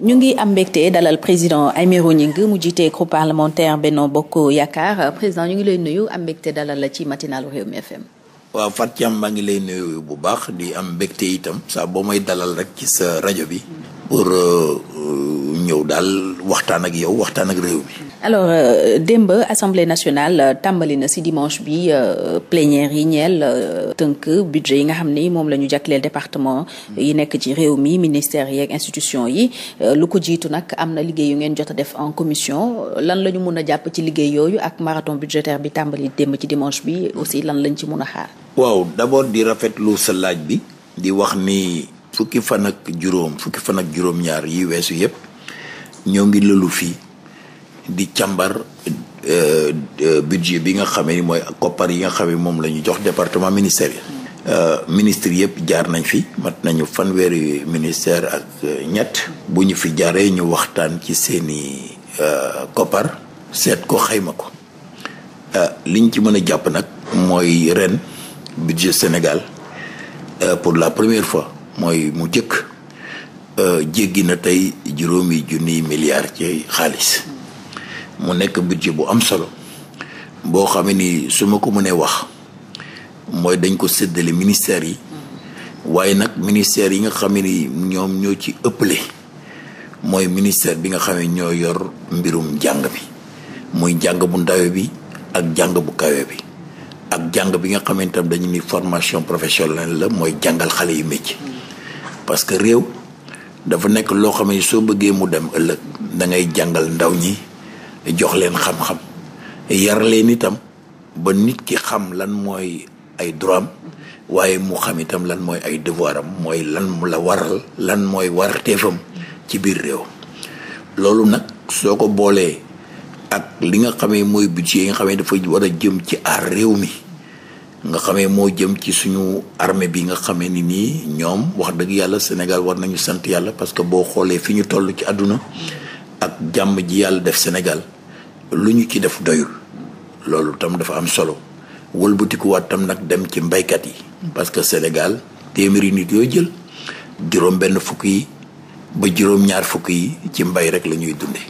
ñu ngi am mbégte dalal président Aymérou Gningue mu jiite groupe parlementaire benn Bokk Yaakaar président ñu ngi lay nuyu am mbégte dalal la ci matinalu Rewmi FM. waaw Fatou am maa ngi lay nuyu bu baax di am mbégte itam sax boo may dalal rek ci sa rajo bi. pour euh, ñëw daal waxtaan ak yow waxtaan ak réew mi. alors euh, démb assemblée nationale euh, tàmbali na ci dimanche bi euh, plénière yi ñeel tënk budget yi nga xam ni moom la ñu jagleel département yi nekk ci réew mi ministère yi ak institution yi lu ko jiitu nag am na liggéey yu ngeen jot a def en commission lan la ñu mun a jàpp ci liggéey yooyu ak maraton budgétaire bi tàmbali démb ci dimanche bi aussi lan lañ ci mun a xaar. waaw d'abord di rafetlu sa laaj bi di wax ni fukki fan ak juróom fukki fan ak juróom-ñaar weesu yépp ñoo ngi fii. di càmbar euh, budget bi nga xamee ni mooy koppar yi nga xamee moom la ñu jox département ministériel. Euh, ministre yëpp jaar nañ fi mat nañu fanweeri ministère ak ñett bu ñu fi jaaree ñu waxtaan ci seeni euh, koppar seet ko xayma ko liñ ci mën a jàpp nag mooy ren budget Sénégal pour la première fois mooy mu jëkk jéggi na tey juróomi junni milliards ci xaalis mu nekk budget bu am solo boo xamee ni su ma ko mënee wax mooy dañ ko séddale ministères yi waaye nag ministères yi nga xam ni ñoom ñoo ci ëppale mooy ministère bi nga xam ne ñoo yor mbirum jàng bi muy jàng bu ndawe bi ak jàng bu kawe bi ak jàng bi nga xamante ne dañu ni formation professionnelle la mooy jàngal xale yu métier parce que réew dafa nekk loo xam ne soo bëggee mu dem ëllëg da ngay jàngal ndaw ñi jox leen xam-xam yar leen itam ba nit ki xam lan mooy ay droit am waaye mu xam itam lan mooy ay devoir am mooy lan mu la waral lan mooy warteefam ci biir réew loolu nag soo ko boolee ak li nga xamee mooy budget yi nga xamee dafa war a jëm ci aar réew mi nga xamee moo jëm ci suñu armée bi nga xamee ni nii ñoom wax dëgg yàlla Sénégal war nañu sant yàlla parce que boo xoolee fi ñu toll ci àdduna ak jàmm ji yàlla def Sénégal lu ñu ci def doyul loolu tam dafa am solo wëlbatikuwaat tam nag dem ci mbaykat yi parce que Sénégal téeméeri nit yoo jël juróom benn fukk yi ba juróom ñaar fukk yi ci mbay rek la ñuy dunde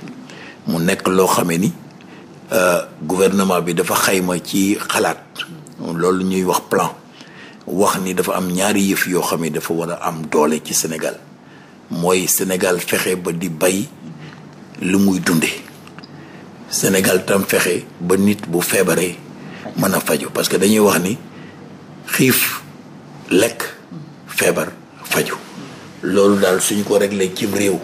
mu nekk loo xamee ni euh, gouvernement bi dafa xayma ci xalaat loolu ñuy wax plan wax ni dafa am ñaari yëf yoo xam ne dafa war a am doole ci Sénégal mooy Sénégal fexe ba di bay lu muy dunde Sénégal tam fexe ba nit bu feebaree mën a faju parce que dañuy wax ni xiif lekk feebar faju loolu daal suñu ko réglé cim réew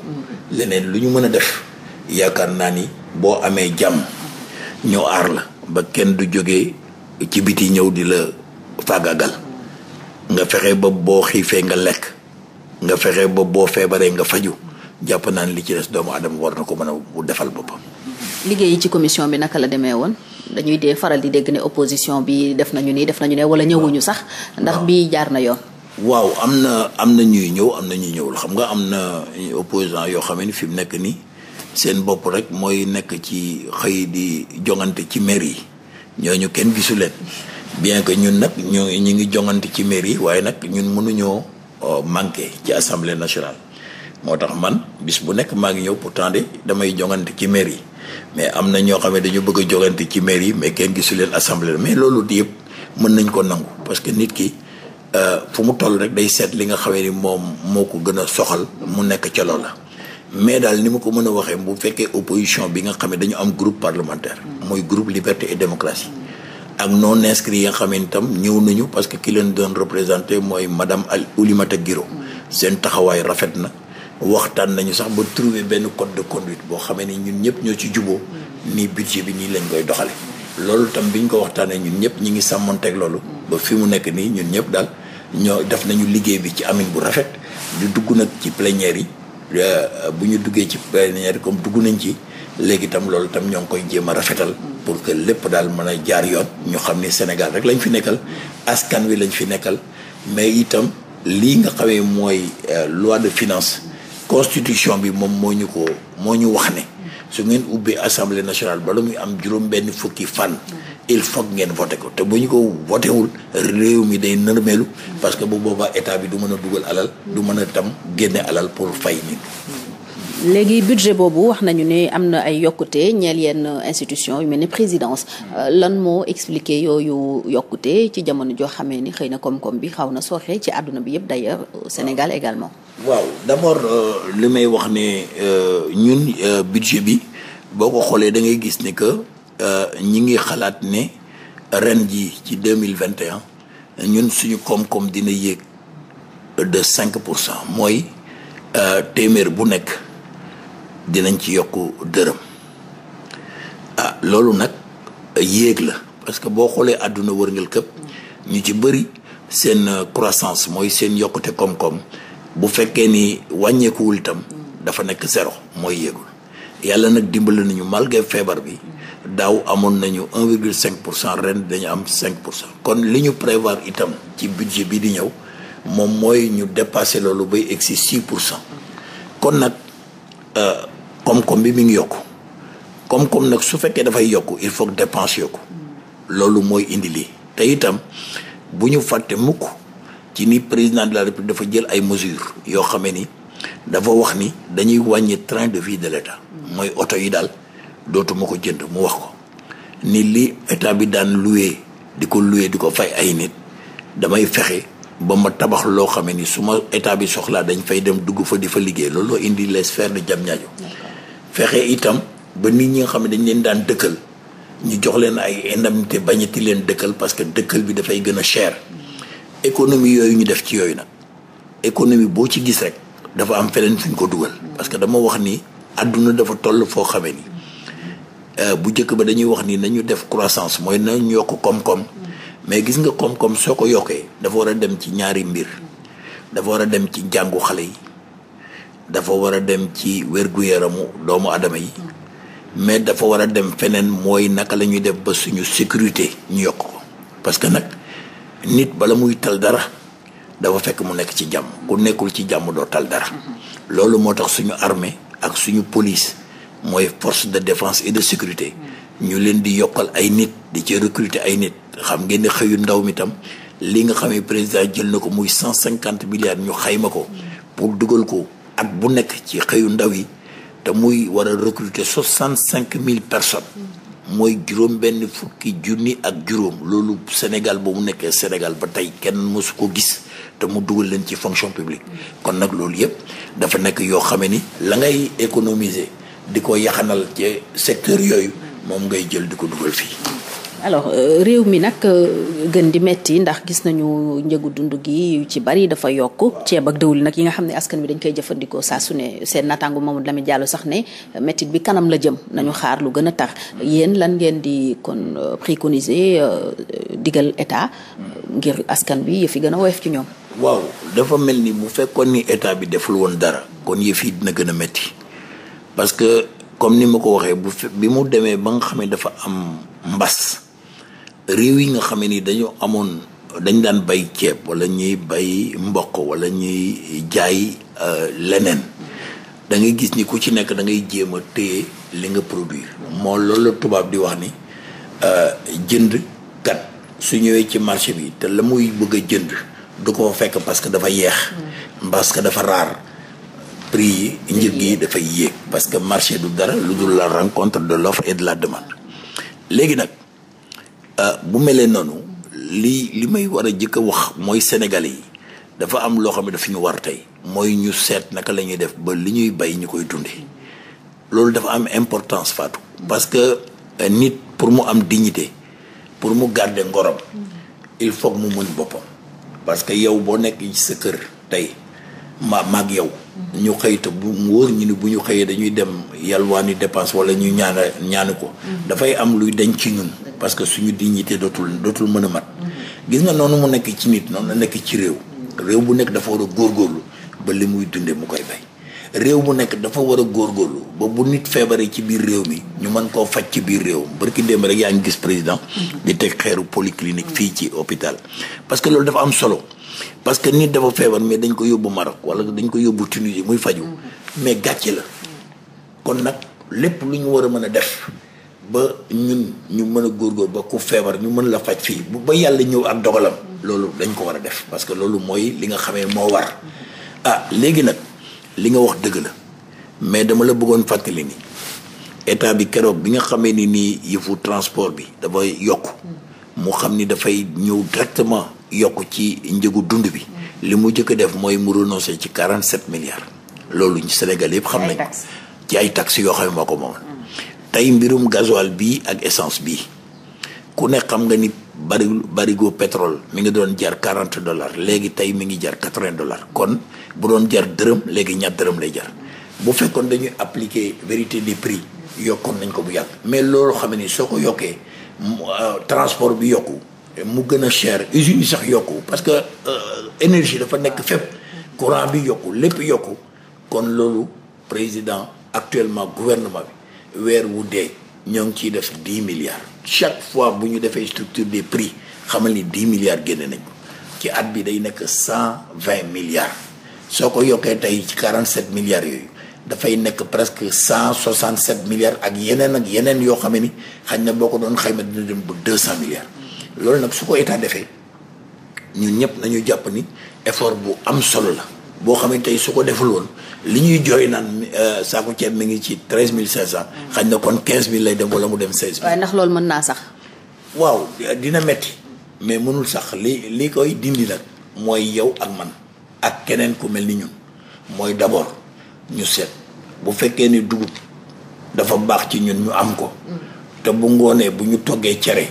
leneen lu ñu mën a def yaakaar naa ni boo amee jàmm ñoo aar la ba kenn du jógee ci biti ñëw di la faagagal nga fexe ba boo xiifee nga lekk nga fexe ba boo feebaree nga faju jàpp naa ni li ci des doomu adama war na ko mën a bu defal boppam liggéey yi ci commission bi naka la demee woon dañuy dee faral di dégg ni opposition bi def nañu nii def nañu ne wala ñëwuñu sax ndax bii jaar na yoon waaw am na am na ñuy ñëw am na ñuy ñëwul xam nga am na opposant yoo xam ne fi mu nekk nii seen bopp rek mooy nekk ci xëy di jongante ci maire yi ñooñu kenn gisu bien que ñun nag ñu ñu ngi jongante ci maire yi waaye nag ñun mënuñoo euh, manqué ci assemblée nationale moo tax man bis bu nekk maak ngi ñëw pourtant de damay jongante ci maire yi mais am na ñoo xam ne dañu bëgg a jongante ci maire yi mais kenn gisu leen assemblée mais loolu di yëpp mën nañ ko nangu parce que nit ki euh, fu mu toll rek day seet li nga xamee ni moom moo ko gën a soxal mu nekk ca loola. mais daal ni ma ko mën a waxee bu fekkee opposition bi nga xam ne dañu am groupe parlementaire. mooy groupe liberté et démocratie. ak non inscrits yi nga xam ne ñëw nañu parce que ki leen doon représenté mooy madame Oulimata Guiro. seen taxawaay rafet na. waxtaan nañu sax ba trouver benn code de conduite boo xamee ni ñun ñëpp ñoo ci juboo hmm. nii budget bi nii lañ koy doxale loolu tam bi biñ ko waxtaanee ñun ñëpp ñi ngi sàmmonteeg loolu hmm. ba fi mu nekk nii ñun ñëpp daal ñoo def nañu liggéey bi ci amin bu rafet ñu dugg nag ci plénière yi euh, bu ñu duggee ci plénière comme dugg nañ ci léegi tam loolu itam ñoo ngi koy jéem a rafetal hmm. pour que lépp daal mën a jaar yoon ñu xam ni Sénégal rek lañ fi nekkal askan wi lañ fi nekkal mais itam lii nga xamee mooy euh, loi de finance constitution bi moom moo ñu ko moo ñu wax ne su ngeen ubbee assemblée nationale bala muy am juróom benn fukki fan il faut ngeen voté ko te bu ñu ko votéwul réew mi day nërmeelu parce que bu boobaa état bi du mën a dugal alal du mën a tam génne alal pour fay nit léegi budget boobu wax nañu ne am na ay yokkute ñeel yenn institution yu mel ni présidence euh, lan moo expliquer yooyu yokkute ci jamono joo xamee ni xëy na koom-koom bi xaw na sooxe ci àdduna bi yëpp d'ailleurs au Sénégal également waaw d'abord euh, li may wax ne euh, ñun budget bi boo ko xoolee da ngay gis ne que ñi ngi xalaat ne ren ji ci deux mille vingt et ñun suñu koom-koom dina yéeg de cinq pour cent mooy téeméer bu nekk dinañ ci yokku dërëm ah loolu nag yéeg la parce que boo xoolee àdduna wërngal këpp ñu ci bëri seen euh, croissance mooy seen yokkute koom-koom bu fekkee ni wàññeekuwul itam dafa nekk sero mooy yéegul yàlla nag dimbali nañu malgré feebar bi daaw amoon nañu un virgule cinq pour cent ren dañu am cinq kon li ñu prévoir itam ci budget bi di ñëw moom mooy ñu dépasser loolu bay egsi six pour cent kon nag euh, koom-koom bi mi ngi yokku koom-koom nag su fekkee dafay yokk il faut que dépense loolu mooy indi lii te itam bu ñu fàtte mukk ci ni président de la république dafa jël ay mesures yoo xamee ni dafa wax ni dañuy wàññi train de vie de l'état mooy oto yi daal dootuma ko jënd mu wax ko ni li état bi daan loué di ko loué di ko fay ay nit damay fexe ba ma tabax loo xamee ni su ma état bi soxlaa dañ fay dem dugg fa di fa liggéey looloo indi les sphères de Diamniadio fexe itam ba nit ñi nga xam ne dañ leen daan dëkkal ñu jox leen ay indemnité bañati leen dëkkal parce que dëkkal bi dafay gën a cher économie yooyu ñu def ci yooyu nag économie boo ci gis rek dafa am feneen fuñ ko dugal parce que dama wax nii àdduna dafa toll foo xamee ni euh, bu njëkk ba dañuy wax nii nañu def croissance mooy nañu yokk koom-koom mais gis nga koom-koom soo ko yokkee dafa war a dem ci ñaari mbir dafa war a dem ci njàngu xale yi dafa war a dem ci wér yaramu doomu adama yi mais dafa war a dem feneen mooy naka la ñuy def ba suñu sécurité ñu yokk ko parce que nag nit bala muy tal dara dafa fekk mu nekk ci jàmm ku nekkul ci jàmm doo tal dara loolu moo tax suñu armee ak suñu police mooy force de défense et de sécurité ñu leen di yokkal ay nit di ci recruter ay nit xam ngeen ne xëyu ndaw mi tam li nga xam ne président jël na ko muy cent cinquante milliards ñu xayma ko pour dugal ko at bu nekk ci xëyu ndaw yi te muy war a recruter soixante cinq mille personnes mooy juróom benn fukki junni ak juróom loolu Sénégal ba mu nekkee Sénégal ba tey kenn mësu ko gis te mu dugal leen ci fonction publique kon nag loolu yëpp dafa nekk yoo xame ni la ngay économiser di ko yaxanal ci secteur yooyu moom ngay jël di ko dugal fii alors euh, réew mi nag euh, gën di metti ndax gis nañu njëgu dund gi yu ci bari dafa yokk ceeb ak dëwlin nag yi nga xam ne askan bi dañ koy jëfandikoo saa su ne seen naataango Mamadou Lamine Diallo sax ne mettit bi kanam la jëm nañu xaar lu gën a tax yéen lan ngeen di kon euh, préconiser digal état ngir askan bi yëf yi gën a woyof ci ñoom. waaw dafa mel ni bu fekkoon ni état bi deful woon dara kon yëf yi dina gën a metti parce que comme ni ma ko waxee bu bi mu demee ba nga xam ne dafa am mbas. réew yi nga xamee ni dañu amoon dañ daan bay ceeb wala ñuy bay mboq wala ñuy jaay euh, leneen da ngay gis ni ku ci nekk da ngay jéem a téye li nga produire moo loolu la tubaab di wax ni euh, jënd kat su ñëwee ci marché bi te la muy bëgg a jënd du ko fekk parce que dafa yeex mm. parce que dafa raar prix yi njëg yi dafay yéeg parce que marché du dara lu dul la rencontre de l'offre et de la demande léegi nag Euh, bu melee noonu li li may war a jëkk a wax mooy sénégalais yi dafa am loo xam ne dafa ñu war tey mooy ñu seet naka la ñuy def ba li ñuy bay ñu koy dunde loolu dafa am importance Fatou parce que euh, nit pour mu am dignité pour mu garder ngorom il faut mu muñ boppam parce que yow boo nekk ci sa kër tey ma maag yow ñu xëy te bu mu wóor ñu ni bu ñu xëyee dañuy dem yalwaani dépense wala ñu ñaan ñaanu ko mm. dafay am luy denc ci ñun parce que suñu dignité dootul dootul mën a mat gis nga noonu mu nekk ci nit noonu la nekk ci réew réew bu nekk dafa war a góor ba li muy dundee mu koy réew bu nekk dafa war a góorgóorlu ba bu nit feebaree ci biir réew mi ñu mën koo faj ci biir réew barki démb rek yaa ngi gis président di teg xeeru polyclinique fii ci hôpital parce que loolu dafa am solo parce que nit dafa feebar mais dañ ko yóbbu Maroc wala dañ ko yóbbu Tunisie muy faju mais gàcce la kon nag lépp lu ñu war a mën a def ba ñun ñu mën a góorgóor ba ku feebar ñu mën la faj fii bu ba yàlla ñëw ak dogalam loolu dañ ko war a def parce que loolu mooy li nga xamee moo war ah léegi nag li nga wax dëgg la mais dama la bëggoon fàttali ni état bi keroog bi nga xamee ni nii yëfu transport bi dafay yokk mu xam ni dafay ñëw directement yokk ci njëgu dund bi li mu jëkk def mooy mu renoncé ci quarante sept milliards loolu Sénégal yëpp xam nañ ci ay taxes yoo xam moo ko moomoon tey mbirum gasoil bi ak essence bi ku ne xam nga ni bari barigo pétrole mi ngi doon jar quarante dollars léegi tey mi ngi jar quatre-vingts dollars kon bu doon jar dërëm léegi ñaar dërëm lay jar bu fekkoon dañuy appliquer vérité des prix yokkoon nañ ko bu yàgg mais loolu xam ne soo ko yokkee euh, transport bi yokk mu gën a chair usines yi sax yokku parce que euh, énergie dafa nekk fépp courant bi yokku lépp yokk kon loolu président actuellement gouvernement bi weer wu dee ñoo ngi ciy def dix milliards chaque fois bu ñu defee structure des prix xamal ni dix milliards génne nañ ko ci at bi day nekk cent vingt milliards soo ko yokkee tey ci quarante sept milliards yooyu dafay nekk presque cent soixante sept milliards ak yeneen ak yeneen yoo xam ne ni xañ na boo ko doon xayma dina dem bu deux cent milliards. loolu nag su ko état defee ñun ñëpp nañu jàpp ni effort bu am solo la. boo xam ne tey su ko deful woon li ñuy jooy naan euh, saaku ceeb mi ngi ci treize mille cinq cent. xañ na kon quinze mille lay dem wala mu dem seize mille. waaye ndax loolu mën naa sax. waaw dina metti mais mënul sax li li koy dindi nag mooy yow ak man ak keneen ku mel ni ñun mooy d'abord ñu seet bu fekkee ni dugub dafa baax ci ñun ñu am ko. Mm. te bu ngoonee bu ñu toggee cere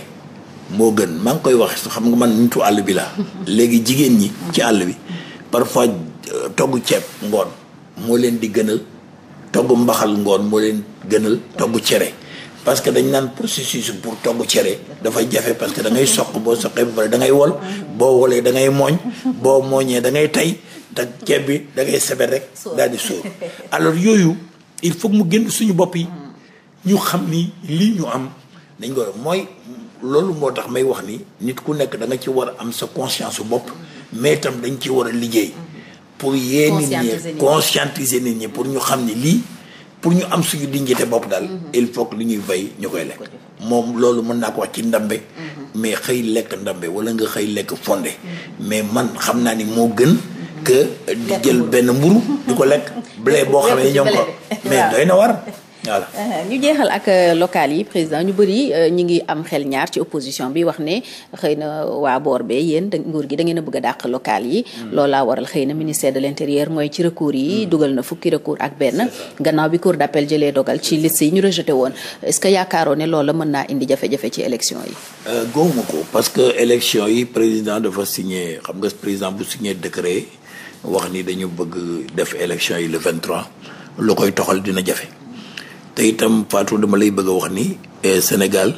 moo gën maa ngi koy wax xam nga man nitu àll bi laa. léegi jigéen ñi ci àll bi mm. parfois. togg ceeb ngoon moo leen di gënal togg mbaxal ngoon moo leen gënal togg cere parce que dañ naan processus pour togg cere dafay jafe parce que dangay soq boo soqee bu bari da ngay wol boo wolee dangay ngay mooñ boo mooñee da ngay tey te ceeb bi da ngay sebet rek daal di sóor alors yooyu il faut mu génn suñu bopp yi ñu xam ni lii ñu am dañ ko mooy loolu moo tax may wax ni nit ku nekk da nga ci war a am sa conscience su bopp mais itam dañ ci war a liggéey pour yee nit ñi conscientiser nit ñi pour ñu xam ni lii pour ñu am suñu dignité bopp daal mhm. il faut li ñuy bay ñu koy lekk moom loolu mën naa ko wax ci ndambe mhm. mais xëy lekk ndambe wala nga xëy lekk fonde mhm. mais man xam naa ni moo gën que jël benn mburu di ko lekk blé boo xamee ñoom ko mais doy na war voilà euh, ñu jeexal ak euh, local yi président ñu bëri euh, ñu ngi am xel ñaar ci opposition bi wax ne xëy na waa boor be yéen nguur gi da ngeen bëgg dàq local yi. Mm. loolaa waral xëy na ministère de l' intérieur mooy ci recours yi. Mm. dugal na fukki recours ak benn. gannaaw bi cour d' appel jëlee dogal ci liste yi ñu rejeté woon est ce que yaakaaroon ne loola mën naa indi jafe-jafe ci élection yi. góobu ko parce que élection yi président dafa signé xam nga président bu signé décret wax ni dañu bëgg def élection yi le 23 lu koy toxal dina jafe. te itam Fatou dama lay bëgg a wax ni eh, Sénégal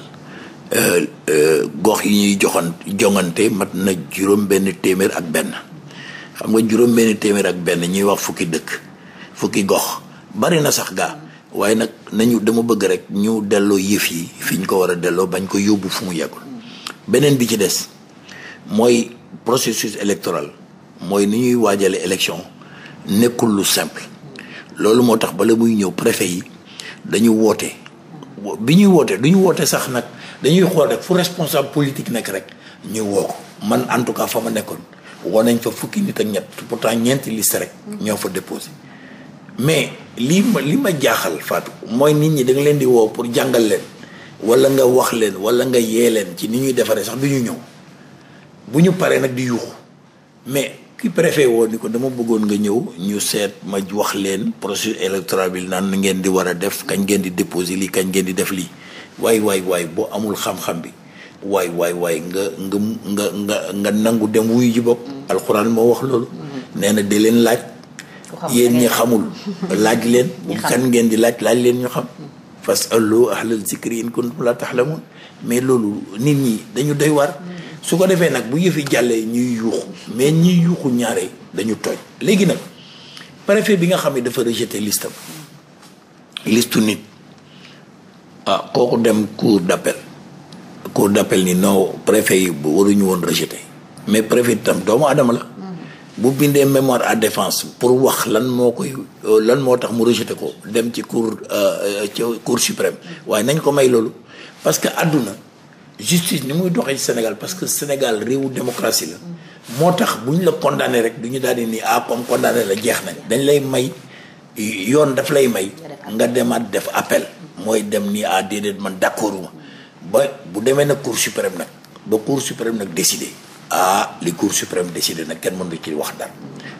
eh, eh, gox yi ñuy joxan joŋante mat na juróom benn téeméer ak benn xam nga juróom benn téeméer ak benn ñuy wax fukki dëkk fukki gox bari na sax gaa waaye nag nañu dama bëgg rek ñu delloo yëf yi fi ñu ko war a delloo bañ ko yóbbu fu mu yeggul beneen bi ci des mooy processus électoral mooy ni ñuy waajale élection nekkul lu simple loolu moo tax bala muy ñëw préfet yi dañu woote bi ñuy wootee du ñu woote sax nag dañuy xool rek fu responsable politique nekk rek ñu woo ko man en tout cas fa ma nekkoon woo nañ fa fukki nit ak ñett pourtant ñeenti liste rek ñoo fa déposé mais lii ma li ma jaaxal Fatou mooy nit ñi da leen di woo pour jàngal leen wala nga wax leen wala nga yee leen ci ni ñuy defaree sax du ñu ñëw bu ñu paree nag di yuuxu mais ki préfet woon ni ko dama bëggoon nga ñëw ñu seet ma wax leen processus électoral bi naan na ngeen di war a def kañ ngeen di déposer lii kañ ngeen di def lii waay waay waay boo amul xam-xam bi waaye waay waay nga nga nga nga nga nangu dem wuyu ji bopp alxuraan moo wax loolu mm-hmm. nee na di leen laaj yéen ñi xamul laaj leen bu kan ngeen di laaj laaj leen ñu xam mm-hmm. fas allu ahlal zikri in kuntum la taxlamun mais loolu nit ñi dañu doy war mm-hmm. su ko defee nag bu yëfi jàllee ñuy yuuxu mais ñuy yuuxu ñaare dañu tooñ léegi nag préfet bi nga xam ne dafa rejeté listam listu nit ah kooku dem cour d'appel cour d'appel ni non préfet yi bu waruñu woon rejeté mais préfet tam doomu adama la bu bindee mémoire à défense pour wax lan moo koy lan moo tax mu rejeté ko dem ci cour euh, euh, ci cour suprême waaye nañ ko may loolu parce que àdduna justice ni muy doxe ci Sénégal parce que Sénégal réewu démocratie la moo tax bu ñu la condamné rek du ñu daal di ni ah comme condamné la jeex nañ dañ lay may yoon daf lay may nga demaat def appel mooy dem ni ah déedéet man d'accord ma ba bu demee nag cour suprême nag ba cour suprême nag décidé ah li cour suprême décidé nag kenn mënu ci wax dara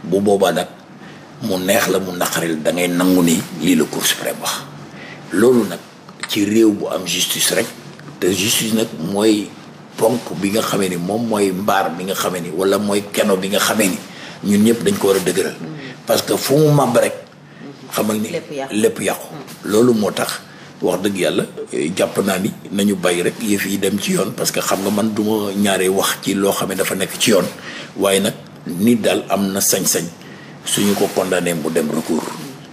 bu boobaa nag mu neex la mu naqaril da ngay nangu nii lii la cour suprême wax loolu nag ci réew bu am justice rek te justice nag mooy ponk bi nga xamee ni moom mooy mbaar bi nga xamee ni wala mooy keno bi nga xamee ni ñun ñëpp dañ ko war a dëgëral parce que fu mu màbb rek xamal ni lépp yàqu loolu moo tax wax dëgg yàlla jàpp naa ni nañu bàyyi rek yëf yi dem ci yoon parce que xam nga man du ma ñaaree wax ci loo xam ne dafa nekk ci yoon waaye nag nit daal am na sañ-sañ suñu ko condamné mu dem recours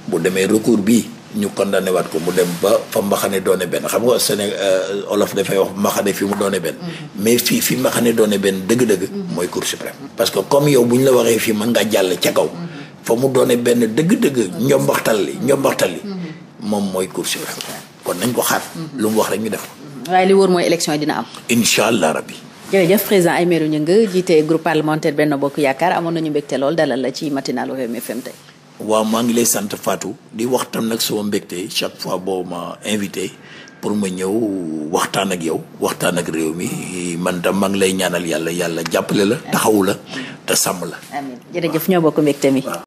bu demee recours bii ñu condamné waat ko mu dem ba fa mbaxane doone benn xam nga Sénégal euh, olof dafay wax mbaxane fi mu doone benn mm-hmm. mais fii fi mbaxane doone benn dëgg-dëgg mm-hmm. mooy cour suprême que comme yow bu ñu la waxee fii mën nga jàll ca kaw mm-hmm. fa mu benn dëgg-dëgg njombaxtal li njombaxtal li moom mooy cour suprême kon nañ ko xaar lu mu wax rek ñu def ko waaye li wóor mooy élection yi dina am incha allah rabbi jërëjëf président Aymérou Gningue jiite groupe parlementaire Benno Bokk Yaakaar amoon nañu mbégte lool dalal la ci matinalu FM tey waaw maa ngi lay sant Fatou di waxtaan nag sama mbégte chaque fois boo ma invité pour ma ñëw waxtaan ak yow waxtaan ak réew mi man tam mag lay ñaanal yàlla yàlla jàppale la taxawu la te sàmm la. amiin jërëjëf